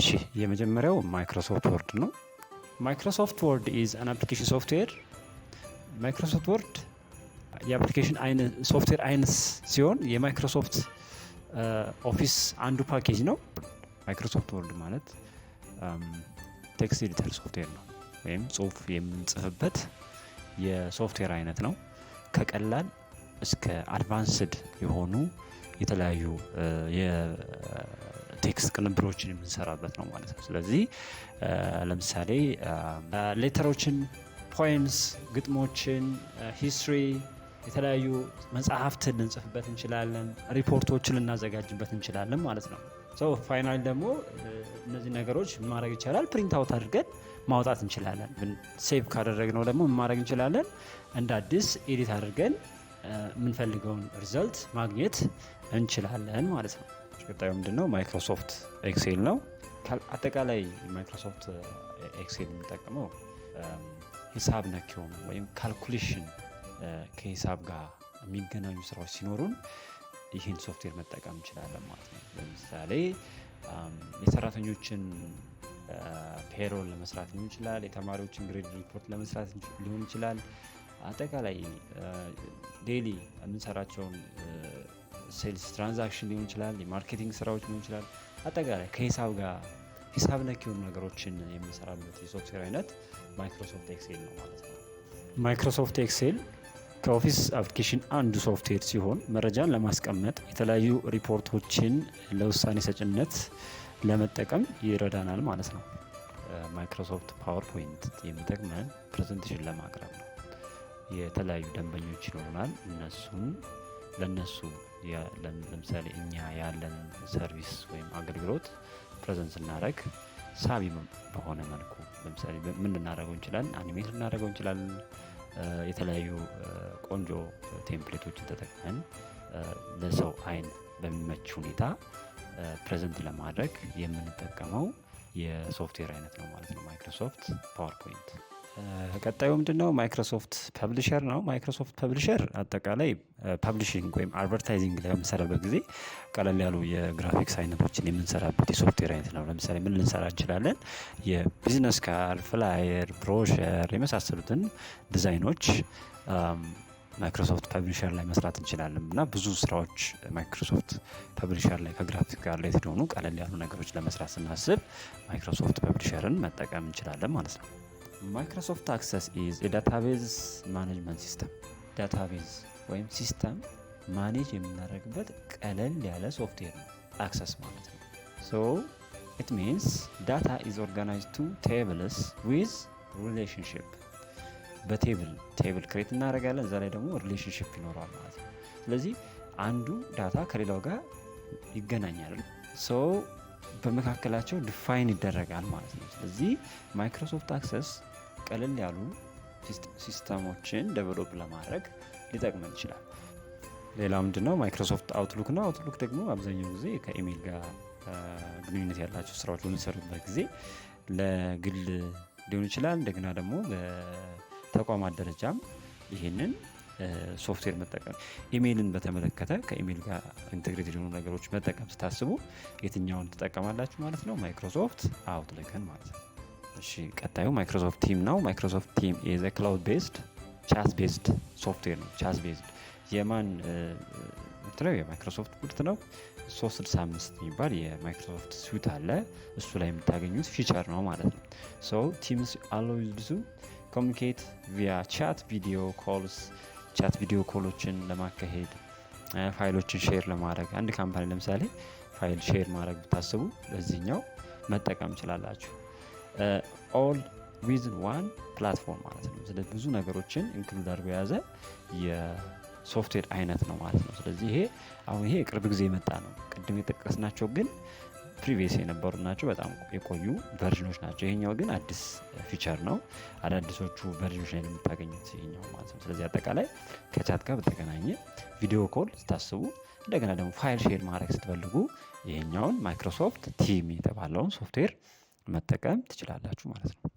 እሺ የመጀመሪያው ማይክሮሶፍት ወርድ ነው። ማይክሮሶፍት ወርድ ኢዝ አን አፕሊኬሽን ሶፍትዌር። ማይክሮሶፍት ወርድ የአፕሊኬሽን ሶፍትዌር አይነት ሲሆን የማይክሮሶፍት ኦፊስ አንዱ ፓኬጅ ነው። ማይክሮሶፍት ወርድ ማለት ቴክስት ኤዲተር ሶፍትዌር ነው፣ ወይም ጽሁፍ የምንጽፍበት የሶፍትዌር አይነት ነው። ከቀላል እስከ አድቫንስድ የሆኑ የተለያዩ ቴክስት ቅንብሮችን የምንሰራበት ነው ማለት ነው። ስለዚህ ለምሳሌ ሌተሮችን፣ ፖይምስ፣ ግጥሞችን፣ ሂስትሪ የተለያዩ መጽሐፍትን ልንጽፍበት እንችላለን። ሪፖርቶችን ልናዘጋጅበት እንችላለን ማለት ነው። ፋይናል ደግሞ እነዚህ ነገሮች ማድረግ ይቻላል። ፕሪንት አውት አድርገን ማውጣት እንችላለን። ሴቭ ካደረግነው ደግሞ ማድረግ እንችላለን። እንደ አዲስ ኤዲት አድርገን የምንፈልገውን ሪዘልት ማግኘት እንችላለን ማለት ነው። ቀጣዩ ነው? ማይክሮሶፍት ኤክሴል ነው። አጠቃላይ ማይክሮሶፍት ኤክሴል የሚጠቅመው ሂሳብ ነክ የሆኑ ወይም ካልኩሌሽን ከሂሳብ ጋር የሚገናኙ ስራዎች ሲኖሩን ይህን ሶፍትዌር መጠቀም እንችላለን ማለት ነው። ለምሳሌ የሰራተኞችን ፔሮል ለመስራት ሊሆን ይችላል። የተማሪዎችን ግሬድ ሪፖርት ለመስራት ሊሆን ይችላል። አጠቃላይ ዴሊ የምንሰራቸውን ሴልስ ትራንዛክሽን ሊሆን ይችላል፣ የማርኬቲንግ ስራዎች ሊሆን ይችላል። አጠቃላይ ከሂሳብ ጋር ሂሳብ ነክ የሆኑ ነገሮችን የምንሰራበት የሶፍትዌር አይነት ማይክሮሶፍት ኤክሴል ነው ማለት ነው። ማይክሮሶፍት ኤክሴል ከኦፊስ አፕሊኬሽን አንዱ ሶፍትዌር ሲሆን መረጃን ለማስቀመጥ የተለያዩ ሪፖርቶችን ለውሳኔ ሰጭነት ለመጠቀም ይረዳናል ማለት ነው። ማይክሮሶፍት ፓወርፖይንት የሚጠቅመን ፕሬዘንቴሽን ለማቅረብ ነው። የተለያዩ ደንበኞች ይኖሩናል። እነሱም ለነሱ ለምሳሌ እኛ ያለን ሰርቪስ ወይም አገልግሎት ፕሬዘንት ስናደረግ ሳቢ በሆነ መልኩ ለምሳሌ ምን ልናደረገው እንችላለን? አኒሜት ልናደረገው እንችላለን። የተለያዩ ቆንጆ ቴምፕሌቶችን ተጠቅመን ለሰው አይን በሚመች ሁኔታ ፕሬዘንት ለማድረግ የምንጠቀመው የሶፍትዌር አይነት ነው ማለት ነው ማይክሮሶፍት ፓወርፖይንት ቀጣዩ ምንድነው? ማይክሮሶፍት ፐብሊሸር ነው። ማይክሮሶፍት ፐብሊሸር አጠቃላይ ፐብሊሽንግ ወይም አድቨርታይዚንግ ላይ በምንሰራበት ጊዜ ቀለል ያሉ የግራፊክስ አይነቶችን የምንሰራበት የሶፍትዌር አይነት ነው። ለምሳሌ ምን ልንሰራ እንችላለን? የቢዝነስ ካርድ፣ ፍላየር፣ ብሮሸር የመሳሰሉትን ዲዛይኖች ማይክሮሶፍት ፐብሊሸር ላይ መስራት እንችላለን እና ብዙ ስራዎች ማይክሮሶፍት ፐብሊሸር ላይ ከግራፊክ ጋር ላይ ስለሆኑ ቀለል ያሉ ነገሮች ለመስራት ስናስብ ማይክሮሶፍት ፐብሊሸርን መጠቀም እንችላለን ማለት ነው። ማይክሮሶፍት አክሰስ ኢዝ የዳታቤዝ ማኔጅመንት ሲስተም። ዳታቤዝ ወይም ሲስተም ማኔጅ የምናደርግበት ቀለል ያለ ሶፍትዌር ነው፣ አክሰስ ማለት ነው። ሶ ኢት ሚንስ ዳታ ኢዝ ኦርጋናይዝ ቱ ቴብልስ ዊዝ ሪሌሽንሽፕ። በቴብል ቴብል ክሬት እናደርጋለን፣ እዛ ላይ ደግሞ ሪሌሽንሽፕ ይኖረዋል ማለት ነው። ስለዚህ አንዱ ዳታ ከሌላው ጋር ይገናኛል። ሶ በመካከላቸው ዲፋይን ይደረጋል ማለት ነው። ስለዚህ ማይክሮሶፍት አክሰስ ቀለል ያሉ ሲስተሞችን ደቨሎፕ ለማድረግ ሊጠቅመን ይችላል። ሌላ ምንድን ነው? ማይክሮሶፍት አውትሉክ ነው። አውትሉክ ደግሞ አብዛኛው ጊዜ ከኢሜይል ጋር ግንኙነት ያላቸው ስራዎች በሚሰሩበት ጊዜ ለግል ሊሆን ይችላል። እንደገና ደግሞ በተቋማት ደረጃም ይህንን ሶፍትዌር መጠቀም ኢሜይልን በተመለከተ ከኢሜይል ጋር ኢንቴግሬት የሆኑ ነገሮች መጠቀም ስታስቡ የትኛውን ትጠቀማላችሁ ማለት ነው? ማይክሮሶፍት አውትልክን ማለት ነው። እሺ ቀጣዩ ማይክሮሶፍት ቲም ነው። ማይክሮሶፍት ቲም የዘ ክላውድ ቤዝድ ቻስ ቤዝድ ሶፍትዌር ነው። ቻስ ቤዝድ የማን ነው? የማይክሮሶፍት ምርት ነው። 365 የሚባል የማይክሮሶፍት ስዊት አለ። እሱ ላይ የምታገኙት ፊቸር ነው ማለት ነው። ሶ ቲምስ አሎውዝ ቱ ኮሚኒኬት ቪያ ቻት፣ ቪዲዮ ኮልስ ቻት ቪዲዮ ኮሎችን ለማካሄድ ፋይሎችን ሼር ለማድረግ አንድ ካምፓኒ ለምሳሌ ፋይል ሼር ማድረግ ብታስቡ ለዚህኛው መጠቀም ይችላላችሁ። ኦል ዊዝ ዋን ፕላትፎርም ማለት ነው። ስለዚህ ብዙ ነገሮችን ኢንክሉድ አድርጎ የያዘ የሶፍትዌር አይነት ነው ማለት ነው። ስለዚህ ይሄ አሁን ይሄ ቅርብ ጊዜ የመጣ ነው። ቅድም የጠቀስናቸው ግን ፕሪቪየስ የነበሩ ናቸው። በጣም የቆዩ ቨርዥኖች ናቸው። ይሄኛው ግን አዲስ ፊቸር ነው። አዳዲሶቹ ቨርዥኖች ላይ የምታገኙት ይሄኛው ማለት ነው። ስለዚህ አጠቃላይ ከቻት ጋር በተገናኘ ቪዲዮ ኮል ስታስቡ፣ እንደገና ደግሞ ፋይል ሼር ማድረግ ስትፈልጉ ይሄኛውን ማይክሮሶፍት ቲም የተባለውን ሶፍትዌር መጠቀም ትችላላችሁ ማለት ነው።